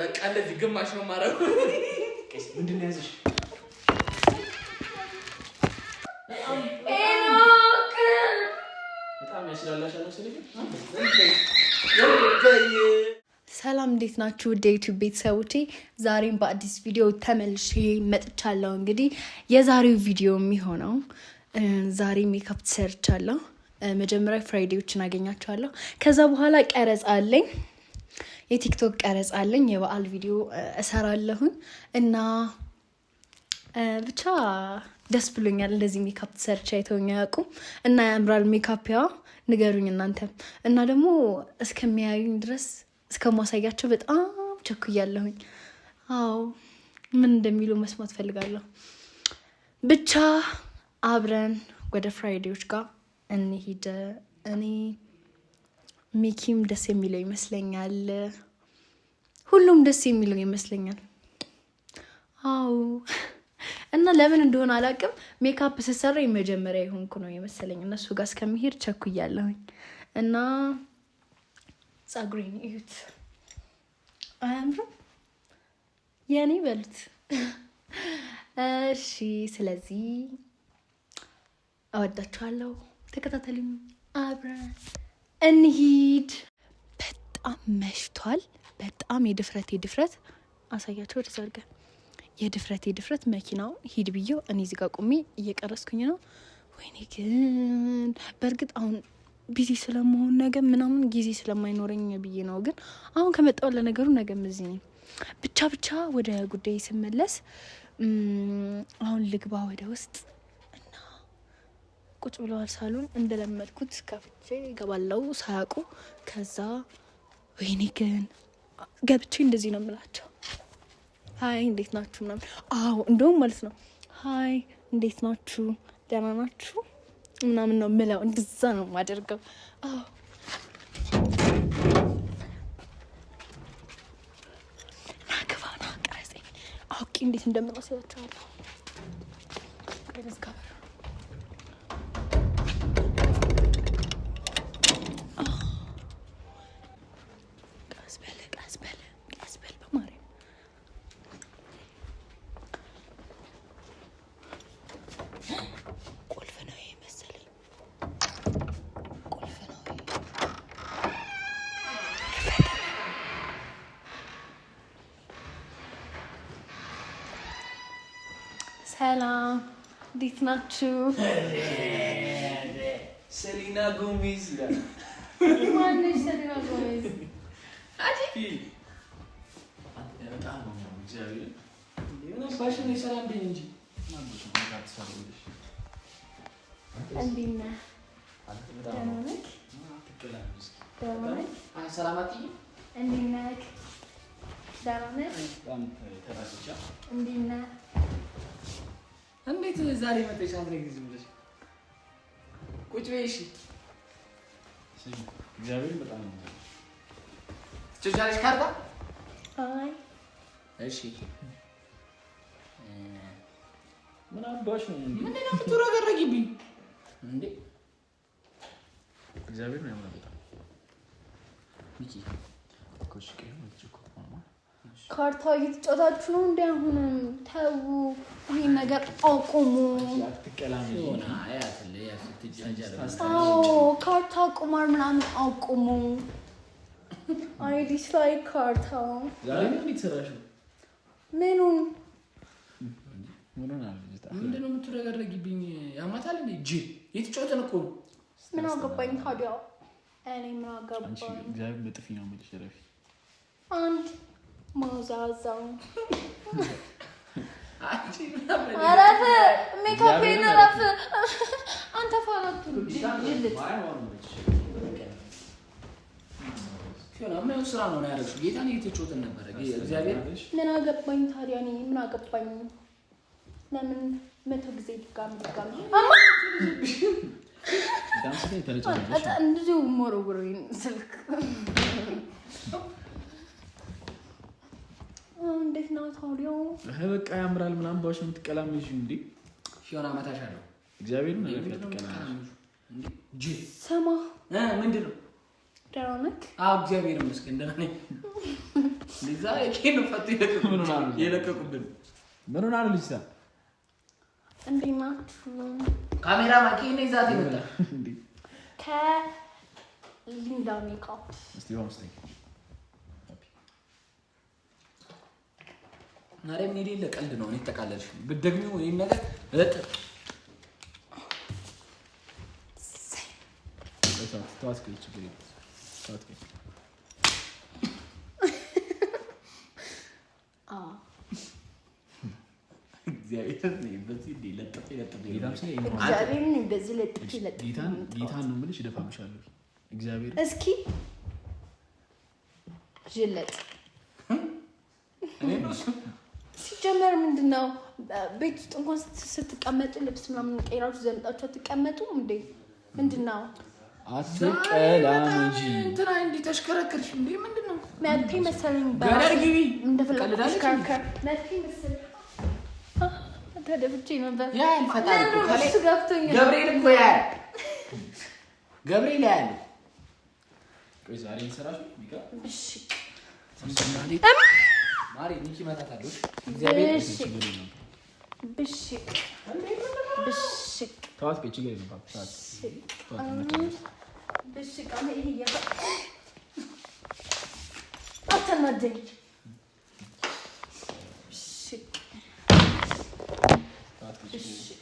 በቃ እንደዚህ ግማሽ ነው የማደርገው። ምንድን ነው ያዘሽ? ሰላም እንዴት ናችሁ? ውድ ዩቱብ ቤተሰቦቼ ዛሬም በአዲስ ቪዲዮ ተመልሼ መጥቻለሁ። እንግዲህ የዛሬው ቪዲዮ የሚሆነው ዛሬ ሜካፕ ትሰርቻለሁ መጀመሪያ ፍራይዴዎችን አገኛቸዋለሁ። ከዛ በኋላ ቀረጻ አለኝ፣ የቲክቶክ ቀረጻ አለኝ። የበዓል ቪዲዮ እሰራለሁኝ እና ብቻ ደስ ብሎኛል። እንደዚህ ሜካፕ ተሰርቼ አይተውኝ አያውቁም እና ያምራል ሜካፕ። ያ ንገሩኝ እናንተ እና ደግሞ እስከሚያዩኝ ድረስ እስከማሳያቸው በጣም ቸኩያለሁኝ። አዎ ምን እንደሚሉ መስማት ፈልጋለሁ። ብቻ አብረን ወደ ፍራይዴዎች ጋር እንሂድ። እኔ ሚኪም ደስ የሚለው ይመስለኛል። ሁሉም ደስ የሚለው ይመስለኛል። አዎ እና ለምን እንደሆነ አላውቅም፣ ሜካፕ ስሰራ የመጀመሪያ የሆንኩ ነው የመሰለኝ። እነሱ ጋር እስከሚሄድ ቸኩያለሁኝ። እና ጸጉሬን እዩት፣ አያምርም? የኔ በሉት። እሺ፣ ስለዚህ እወዳችኋለሁ። ተከታተሉኝ፣ አብረን እንሂድ። በጣም መሽቷል። በጣም የድፍረት የድፍረት አሳያቸው ወደ ሰርገ የድፍረት የድፍረት መኪናው ሂድ ብዬው እኔ እዚጋ ቁሜ እየቀረስኩኝ ነው። ወይኔ ግን በእርግጥ አሁን ቢዚ ስለመሆን ነገ ምናምን ጊዜ ስለማይኖረኝ ብዬ ነው። ግን አሁን ከመጣው ለነገሩ ነገም እዚህ ነኝ። ብቻ ብቻ ወደ ጉዳይ ስመለስ አሁን ልግባ ወደ ውስጥ ቁጭ ብለዋል ሳሉን እንደለመድኩት ከፍቼ ገባለው ሳያውቁ። ከዛ ወይኔ ግን ገብቼ እንደዚህ ነው የምላቸው፣ ሀይ እንዴት ናችሁ ምናምን። አዎ እንደውም ማለት ነው ሀይ እንዴት ናችሁ ደህና ናችሁ ምናምን ነው ምለው። እንደዛ ነው የማደርገው። አዎ ናግባና ቀረጼ አውቄ እንዴት እንደምናስያቸዋለሁ ሰላም እንዴት ናችሁ? ሰሊና ጎሜዝ ይላል። ማነች ሰሊና ጎሜዝ? ሰላም እንዴት ዛሬ መጣሽ? አንድ ነገር ዝም ብለሽ ቁጭ በይ። እሺ እግዚአብሔር በጣም ነው። ትችላለሽ ካርታ? አይ እሺ። ምን አባሽ ነው? ምንድን ነው የምትወረገረጊብኝ እንዴ? እግዚአብሔር ነው ያምናል በጣም ሚኪ ኮሽቄ ነው እኮ ካርታ እየተጫወታችሁ ነው እንደ አሁንም ተው ይህ ነገር አቁሙ ካርታ ቁማር ምናምን አቁሙ አይ ዲስላይክ ካርታ ምኑን ምንድን ነው የምትረጋረጊብኝ ያማታል እንዴ ጅ የተጫወተን እኮ ነው ምን አገባኝ ታዲያ እኔ ምን አገባኝ አንድ ማዛዛው አረፍ ሜካፔን አረፍ አንተ ፋራቱ ስራ ነው ያደረግሽው። ጌታን እየተጫወትን ነበረ። እግዚአብሔር ምን አገባኝ ታዲያ? እኔ ምን አገባኝ? ለምን መቶ ጊዜ ድጋሚ ድጋሚ እንዲሁ ሞረውረኝ ስልክ እንዴት ነው ታዲያ? በቃ ያምራል ምናምን ባሽ የምትቀላምሽ እንዴ? ፊዮና መታሻ ነው። እግዚአብሔር ነው ያፈጥቀናል። ጂ ሰማ እ ምንድን ነው ደህና ነህ? አዎ እግዚአብሔር ይመስገን ደህና ነኝ። ለዛ የኬን ፈጥ የለቀቁብን ምን ሆነ አሉ ልጅ እንዴት ናችሁ? ካሜራ ማኪ ነው ይዛት ይመጣ እንዴ ከሊንዳ ሜካፕ እስቲ ወምስተኝ ማርያም የሌለ ቀልድ ነው። እኔ ተቃለልሽ ብትደግሚው ይሄን ነገር እጥ ጌታን ነው የምልሽ፣ እደፋብሻለሁ። እግዚአብሔር እስኪ ጅለጥ ሲጀመር ምንድን ነው ቤት ውስጥ እንኳን ስትቀመጡ ልብስ ምናምን ቀይራችሁ ዘንጣችሁ አትቀመጡም እንዴ? ምንድን ነው አትቀላም እንጂ እንትና እንዲ ተሽከረክር እንዴ? ምንድን ነው መጥፊ መሰለኝ ባርጊቢ ተሽከረከር መሰለኝ ተደብቼ ነበር። ፈጣሪ ገብርኤል እኮ ያ ገብርኤል ያለ ቆይ ዛሬ ማሪ Diyabet Beşik. Beşik. Beşik. Tuvalet bir içi geliyor bak. Tuvalet. Tuvalet. Beşik ama iyi ya. Atana değil. Beşik. Beşik.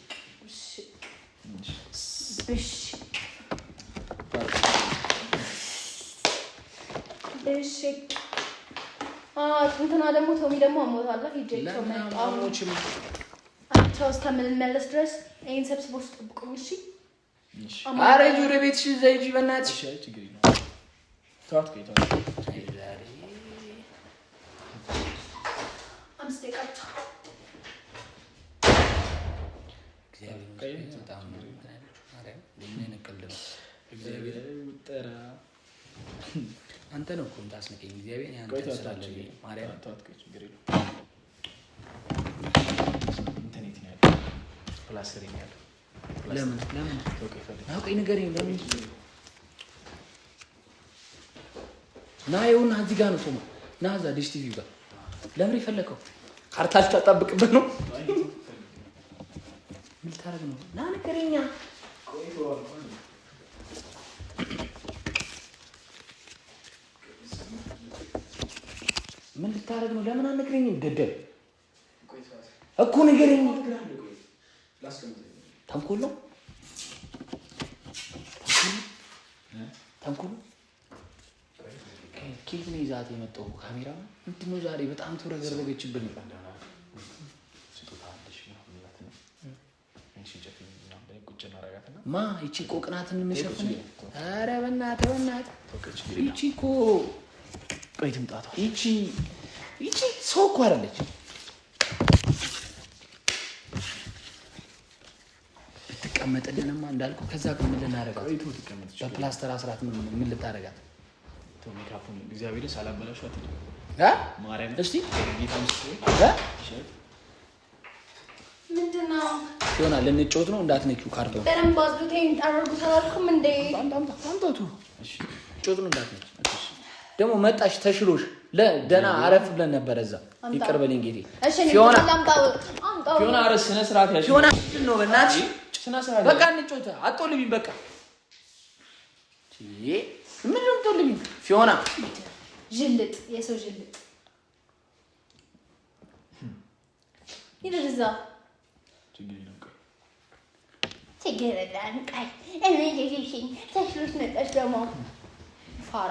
Beşik. Beşik. Beşik. እንትና ደግሞ ቶሚ ደግሞ አሞታለ ሂጄቸው መጣሁችም እስከምንመለስ ድረስ ይህን ሰብስቦ ውስጥ ጠብቁኝ። እሺ አረ ወደ ቤትሽ እዛ ሂጂ በእናትሽ ነው እኮ የምታስንቀኝ። እግዚአብሔር ያንተ ስላለ ማርያም ለምን ለምን አውቀኝ ነገር ለምን ና ይኸውና፣ እዚህ ጋር ነው ሶማ ና እዛ ዲሽ ቲቪ ጋር ለምን የፈለከው ካርታ ልታጣብቅበት ነው? ምን ልታረግ ነው? ና ነገረኛ ምን ልታደርግ ነው? ለምን አንነግረኝም? ገደል እኮ ንገረኝ። ተንኮል ነው ተንኮል ነው። ኬት ነው ይዛት የመጣው ካሜራ ምንድን ነው? ዛሬ በጣም ተውረገረገችብን። ማ ይቺ ቆቅናትን ቅናትን የምሸፍን ኧረ በእናትህ በእናትህ ይቺ እኮ ቆይ ትምጣቷ። ይቺ ይቺ ሰው እኮ አይደለች። ብትቀመጥልንማ እንዳልኩ ከዛ ምን ልናደርጋት? በፕላስተር አስራት ምን ልታደርጋት? ልንጮት ነው። እንዳትነኪው ካርቶን ጮት ነው እንዳትነኪው ደግሞ መጣሽ ተሽሎሽ ለደህና አረፍ ብለን ነበረ። እዛ ይቅር በል እንግዲህ ሆና አረስ ስነ ስርዓት ያሽ ሆና ነው። በእናትሽ ስነ ስርዓት በቃ እንጮታ አትጦልቢኝ። በቃ ምን ነው የምትጦልቢኝ? ፊዮና ጅልጥ፣ የሰው ጅልጥ ይደርዛ ችግር የለም ቃይ እኔ የሽኝ ተሽሎሽ ነጠሽ ደግሞ ፋራ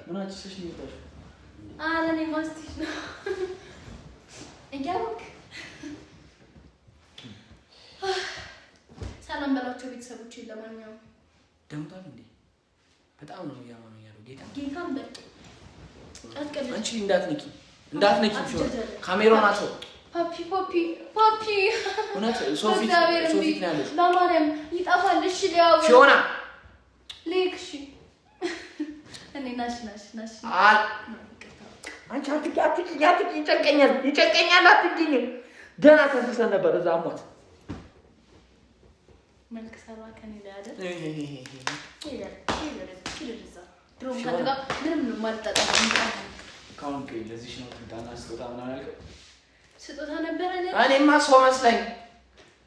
ምን አጭሰሽ ነው ይወጣሽ? አረ እኔ ማስቲሽ ነው እያወቅ ሰላም በላቸው ቤተሰቦች። ለማንኛውም ደምቷል እንዴ? በጣም ነው እያማመኝ ያለው ጌታ ጌታም በቃ አንቺ እንዳትነቂ እንዳትነቂ ካሜራውን አቶ ፓፒ ፓፒ ፓፒ እውነት ሰው ፊት ነው ያለሽ። ለማርያም ይጠፋል። እሺ ሊያወ ሲሆና ልክ አንቺ አትቂኝ አትቂኝ፣ ይጨንቀኛል ይጨንቀኛል፣ አትቂኝ። ደህና ተንፍሰን ነበር እዛ ሞት ስጦታ ነበረ። እኔማ ሰው መስለኝ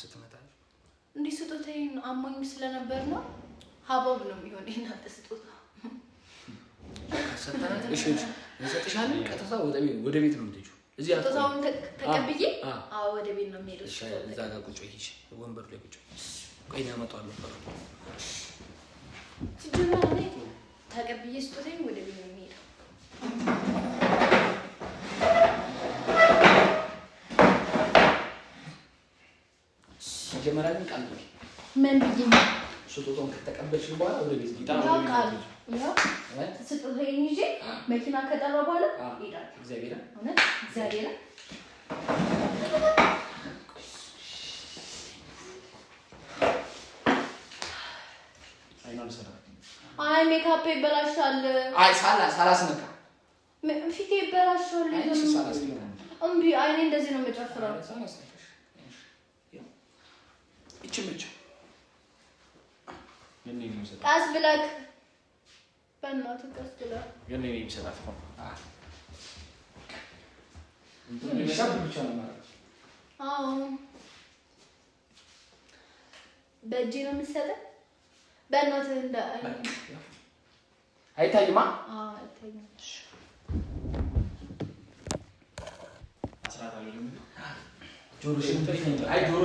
ስትመጣ እንዲህ ስጦታዬን አሞኝ ስለነበር ነው። ሀባብ ነው የሚሆን የእናንተ ስጦታ። ሰጠናትንሰጥሻለን። ቀጥታ ወደ ቤት ነው የምትሄጂው። ስጦታውን ተቀብዬ ወደ ቤት ነው የምሄደው። እዛ ጋር ቁጭ ሂጂ፣ ወንበሩ ላይ ቁጭ ቆይ፣ እኔ አመጣዋለሁ። ተቀብዬ ስጦታዬን ወደ ቤት ነው የሚሄደው። መጀመሪያ ግን ቃል ምን ብዬ ነው ስጦታውን ከተቀበልሽ በኋላ ወደ ቤት ጌታ ስጦታዬን ይዤ መኪና ከጠራ በኋላ ሄዳለሁ። እግዚአብሔር እውነት እግዚአብሔር አይ ሜካፕ ይበላሻል። አይ ሳላ ሳላስ ሳላስነካ ፊቴ ይበላሻል። እንዴ አይኔ እንደዚህ ነው የምጨፍረው İçim içim. Gel neyim Sedat. Gaz bilek. Ben mi artık gaz bilek? Gel neyim Sedat. Ne yapayım canım? Aa. Ben በእጅ ነው የምትሰጠው? በእናትህ እንደ አይታይማ አይታይም። ጆሮሽን ብትፈኝ ለምን አያለው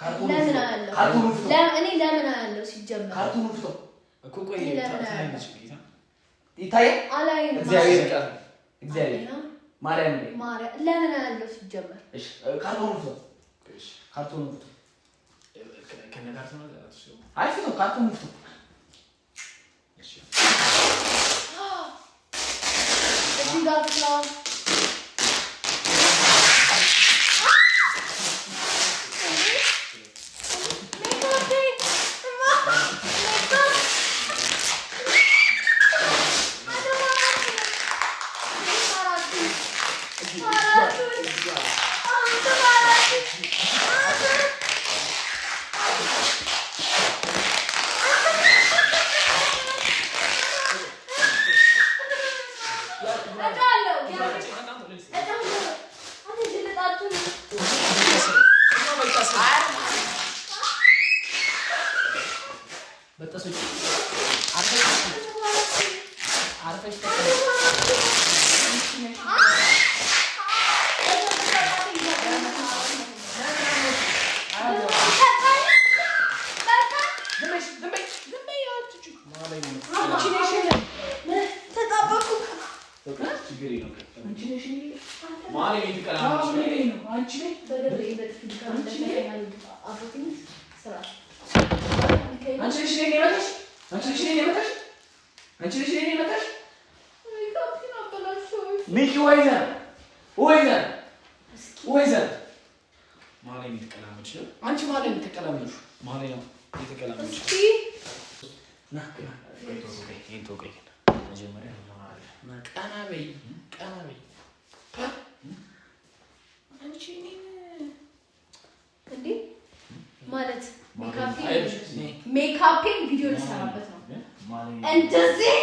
ካርቱን ውስጥ ለምን ለምን አያለው ፍቶ She got the ነው የተቀላመችው። ቀና በይ ቀና በይ። አንቺ እንዴ ማለት ሜካፔን ቪዲዮ ልሰራበት ነው እንደዚህ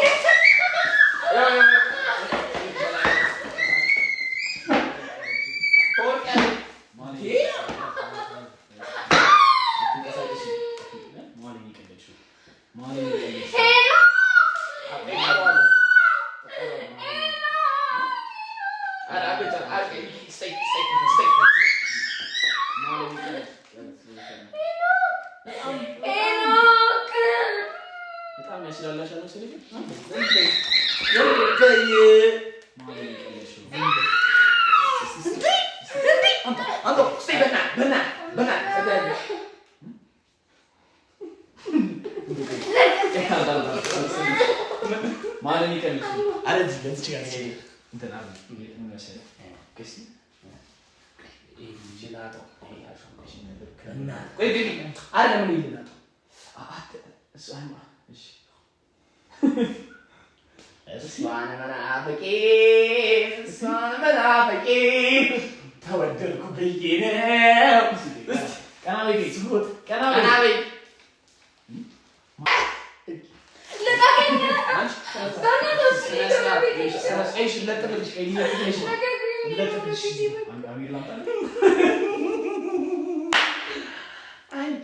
اسمعني ايش اصلا انا منافقين اصلا انا منافقين تودركم بالجنان كنابي سكوت كنابي كنابي ايش لا تبلش ايش لا تبلش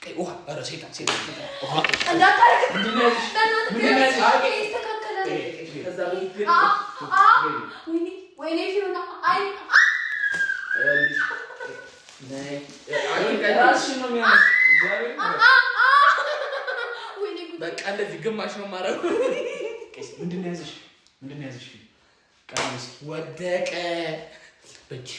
በቃ እንደዚህ ግማሽ ነው የማደርገው። ምንድን ነው ያዘሽ? ምንድን ነው ያዘሽ? ወደቀ በእጅሽ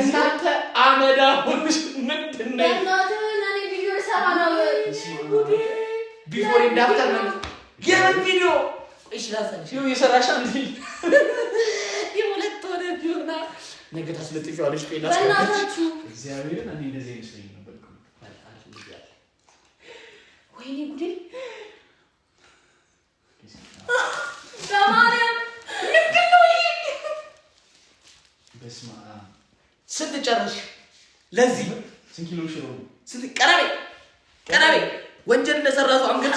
እናንተ አመዳ ሆንሽ ምንድን ነው? በእናትህ እኔ ብዬሽ ሰራ ነው ቢፎር ኤንድ አፍተር ነው የምን ቪዲዮ እሺ ላሳይሽ ይኸው የሰራሽ አንዴ የሁለት ወደ ቢሆና ነገ ታስለጥፊዋለሽ ቆይ ላስቀምጥሽ እግዚአብሔርን እኔ እንደዚህ አይመስለኝ ነበር ወይኔ ጉዴ በማርያም ልክል ነው ይሄ በስመ ስትጨርሽ ለዚህ ስንት ኪሎ ሽሮ ስንት ቀረቤ ቀረቤ ወንጀል እንደሰራ ሰው አንገት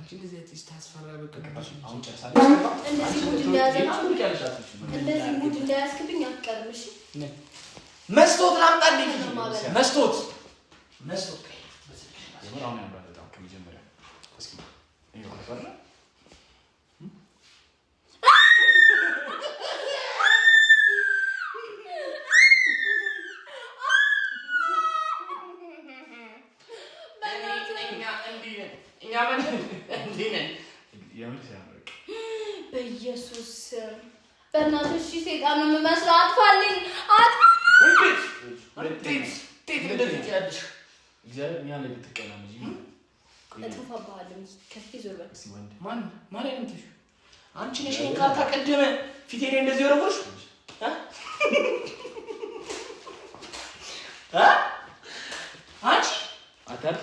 አንቺ እንደዚህ አይነት ታስፈራ በቃ አሁን ጨርሳለሁ። እንደዚህ ሙድ እንዳያስክብኝ አትቀርም። መስቶት ላምጣልኝ። መስቶት መስቶት Ja, men dine. Yanlış በኢየሱስ በእናቶች ሴጣን ነው የምመስለው። አጥፋልኝ፣ አጥፋልኝ። ጤት እንደዚህ ትያለሽ። እግዚአብሔር እኛ ላይ ብትቀና እንጂ እጥፋባለሁ። ከፊቴ ዞር በል። ማን ማን አይነትሽ? አንቺ ነሽ ካርታ ቀደመ ፊቴ ላይ እንደዚህ ወረወርሽ። አንቺ አታርፊ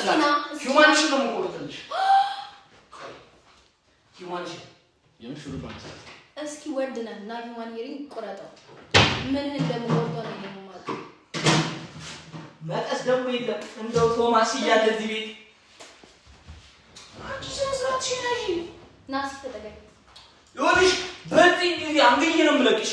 ይመስላል። ሂውማንሽን ነው የምቆርጥልሽ። ሂውማንሽን እስኪ ወንድ ነህ እና ሂውማን ይሪን ቁረጠው። ምንህ እንደምቆርጠው ነው የማውቀው። መቀስ ደግሞ የለም እንደው ቶማስ እያለ እዚህ ቤት አንቺ ስነ ስርዓትሽን ነይ ናስ ተጠቀቂ ይኸውልሽ፣ በዚህ ጊዜ አንገዬ ነው የምለቅሽ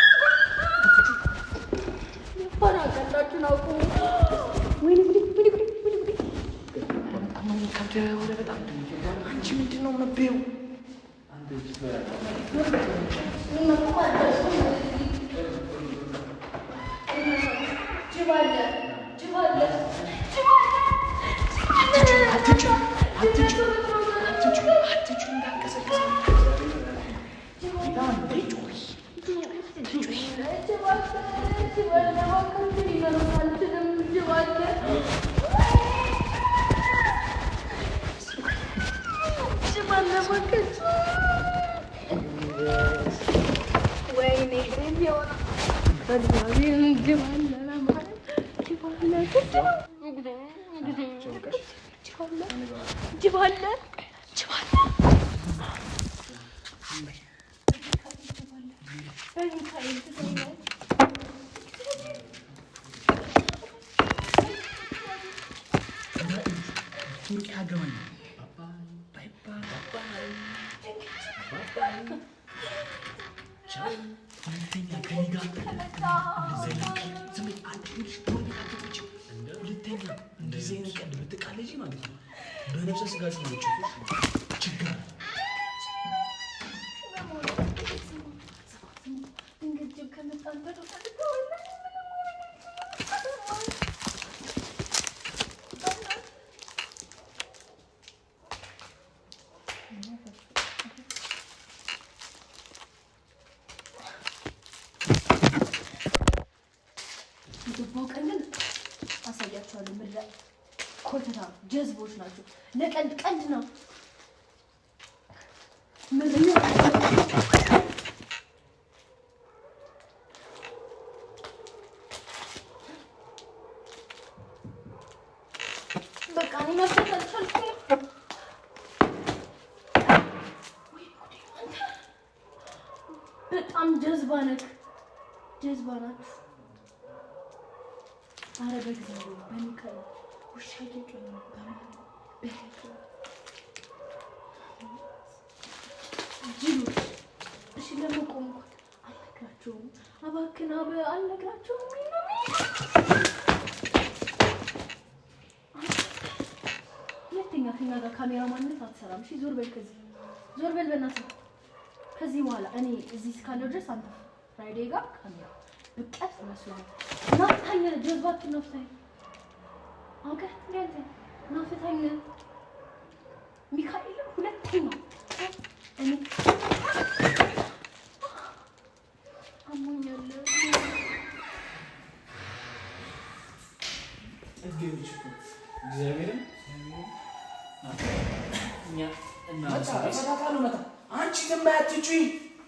Andrea, whatever that. Hacimiti non mi più. Non mi può Civarda. Civarda. Civarda. Hatice. Hatice. Hatice. Hatice. Ben kısa kısa. Ben de çok iyi. Çok iyi. Civarda. Civarda. Bakın bir inanın. Civarda. Civarda. ሀገባኝ ሁለተኛ እንደዚህ አይነት ቀልድ ብትቃለጂ ማለት ነው በነብሰ ስጋሽ ጀዝባ ነክ ጀዝባ ናት። አረ በእግዚአብሔር በሚካኤል ውሻ እየጮኸ ነው። ጅሎች እሺ፣ ለመቆምኩት አልነግራቸውም። አባክና አልነግራቸውም። ሁለተኛ ከኛ ጋር ካሜራ ማንነት አትሰራም። ዞር በል ከዚህ ዞር በል በእናትህ ከዚህ በኋላ እኔ እዚህ እስካለው ድረስ አንተ ፍራይዴ ጋር ብቀት መስሏል። ናፍታኝ ጀዝባችን ናፍታኝ አንቀ እንዴት ናፍታኝ ሚካኤል ሁለተኛ እኔ አሞኛል። እግዚአብሔርን እኛ እና አንቺ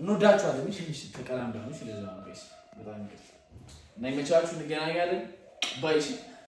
እንወዳችኋለን። ትንሽ ተቀላምዳለች። ለዛ ነው በጣም እና ይመቻችሁ። እንገናኛለን ባይ